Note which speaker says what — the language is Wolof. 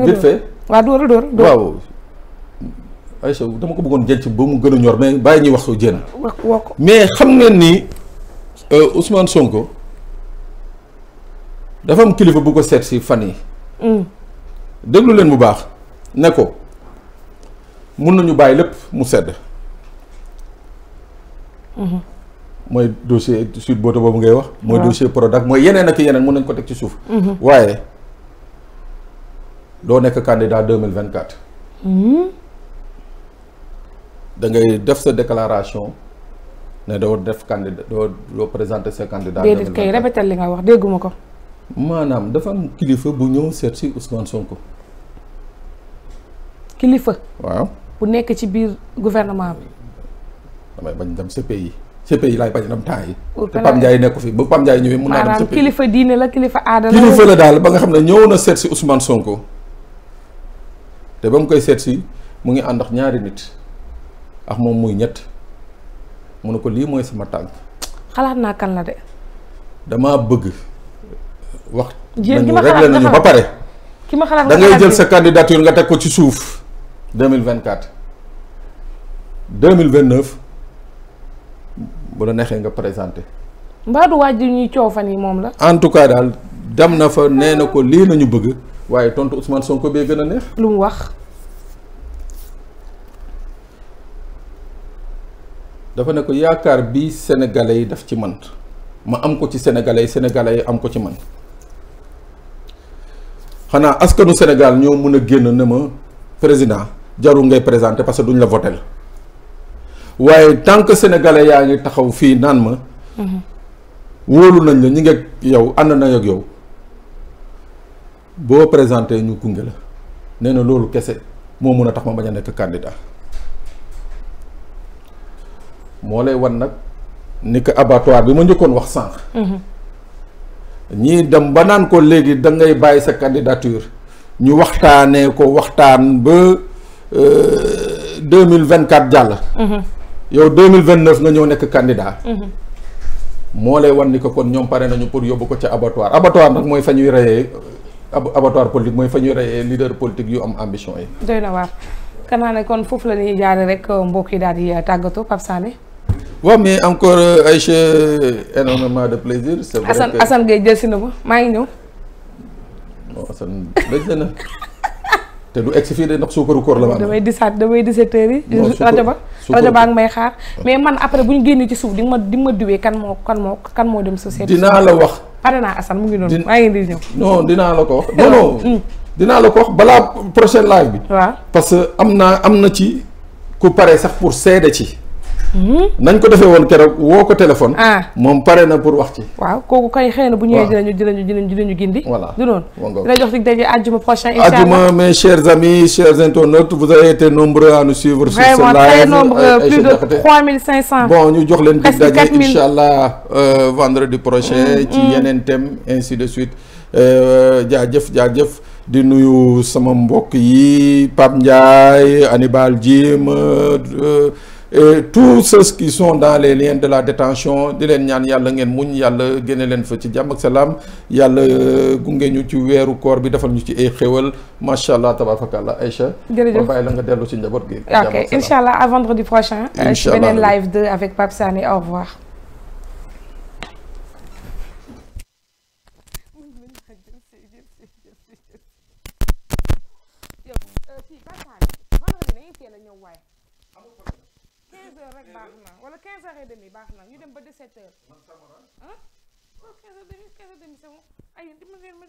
Speaker 1: vite fait
Speaker 2: waaw dóoral dóor waaw Aïcha dama ko bëggoon jël ci ba mu gën a ñor mais bàyyi ñuy wax soo jéem mais xam ngeen ni euh, Ousmane Sonko dafa am kilifa bu ko seet si fan yi hmm. déglu leen bu baax ne ko mun nañu bàyyi lépp mu sedd hmm. mooy dossier suite booto boobu ngay wax mooy dossier Prodac mooy yeneen ak yeneen mun nañ ko teg ci suuf hmm. waaye doo nekk candidat deux mille vingt quatre. Hmm? da ngay def sa déclaration ne doo def candidat doo doo présente sa candidat. déedéet kay
Speaker 1: répétal li nga wax dégguma ko.
Speaker 2: maanaam dafa kilifa bu ñëw seet si Ousmane Sonko.
Speaker 1: kilifa. waaw bu nekk ci biir gouvernement bi.
Speaker 2: damay bañ dem CPI. CPI laay bañ a dem temps yi. te nekku fi ba Pam ñëwee. mun naa dem CPI maanaam
Speaker 1: kilifa diine la kilifa aada la. kilifa la
Speaker 2: daal ba nga xam ne ñëw na seet si Ousmane Sonko. te ba mu koy seet si mu ngi ànd ak ñaari nit ak moom muy ñett mu ne ko lii mooy sama tànk.
Speaker 1: xalaat naa kan la de.
Speaker 2: damaa bëgg wax. gi ma xalaat nañu ba pare. ki ma xalaat da ngay jël sa candidature nga teg ko ci suuf deux mille vingt quatre deux mille vingt neuf bu la neexee nga présenté.
Speaker 1: mbaa du waaj ñuy coow fan yi moom la.
Speaker 2: en tout cas daal dem na fa nee na ko lii nañu bëgg. waaye tontu Ousmane ko bee gën a neex. lu mu wax. dafa ne ko yaakaar bi sénégalais yi daf ci man ma am ko ci sénégalais yi sénégalais yi am ko ci man xanaa askanu Sénégal ñoo mën a génn ne ma président jaru ngay présenter parce que duñ la votel waaye tant que sénégalais yaa ngi taxaw fii naan ma. Mhm. wóolu nañ la ñi ngeeg yow ànd na ak yow. boo présenté ñu gunge la nee na loolu kese moo mën a tax ma bañ a nekk candidat moo lay wan nag ni ko bi ma njëkkoon wax sànq. Mhm. ñii ba naan ko léegi da ngay bàyyi sa candidature ñu ko waxtaan ba euh, deux mille vingt jàll. Mhm. yow mille vingt neuf nga ñëw nekk candidat. Mhm. moo ko kon ñoom pare nañu pour yóbbu ko ca abattoir abattoir nag mooy fa ñuy reyee abattoir politique mooy fa ñuy reyee leader politique yu am ambition yi.
Speaker 1: doy na waar xanaa kon foofu la ñuy jaaree rek euh, mbokk yi daal di euh, tàggatoo Pape Sané.
Speaker 2: waaw mais encore euh, Aïcha énormément de plaisir. c'est vrai que Assane Assane
Speaker 1: jël si na ma maa ngi ñëw.
Speaker 2: non Assane jël na. te du egg si fii de ndax suukaru koor la ma damay
Speaker 1: disaat damay dix-sept heures yi rajo ba rajo baa ngi may xaar ah. mais man après bu ñu génnee ci suuf di nga ma di nga diwee kan moo kan moo kan moo dem société dinaa la wax pare naa Assane mu ngi noonu maa ngi di ñëw non
Speaker 2: dinaa la ko wax non mm. dinaa la ko wax balaa prochaine live bi waaw parce que am naa am na ci ku pare sax pour seede ci Hmm? nañ ko defee woon keroog woo ko téléphone. Ah. moom pare na pour wax ci.
Speaker 1: waaw kooku kay xëy na bu ñëwee dinañu dinañu dinañu dinañu gindi. voilà du noonu. dina jox dig daje àjjuma prochain incha allah àjjuma
Speaker 2: mes chers amis chers internautes vous avez été nombreux à nous suivre. sur ce live vraiment très nombreux euh, plus de 3500. bon ñu jox leen dig daje incha allah euh, vendredi prochain. Mm, ci mm. yeneen thème ainsi de suite euh, jaajëf jaajëf. di nuyu sama mbokk yi Pape Ndiaye Hannibal Djim tout tous ceux qui sont dans les liens de la détention di leen ñaan yàlla ngeen muñ yàlla génne leen fa ci jàmm ak salaam yàlla euh, gunge ñu ci weeru koor bi defal ñu ci ay xéwal macha allah tabarakallah Aïcha. jërëjëf bàyyi la nga dellu ci njaboot gi. ok incha
Speaker 1: allah à vendredi prochain. Euh, incha allah beneen live 2 avec 16 heures rek baax na wala 15 heures demi baax na ñu dem ba 17 heures. man Samara. ah 15 heures demi 15 heures demi c'est bon ay dima réer ma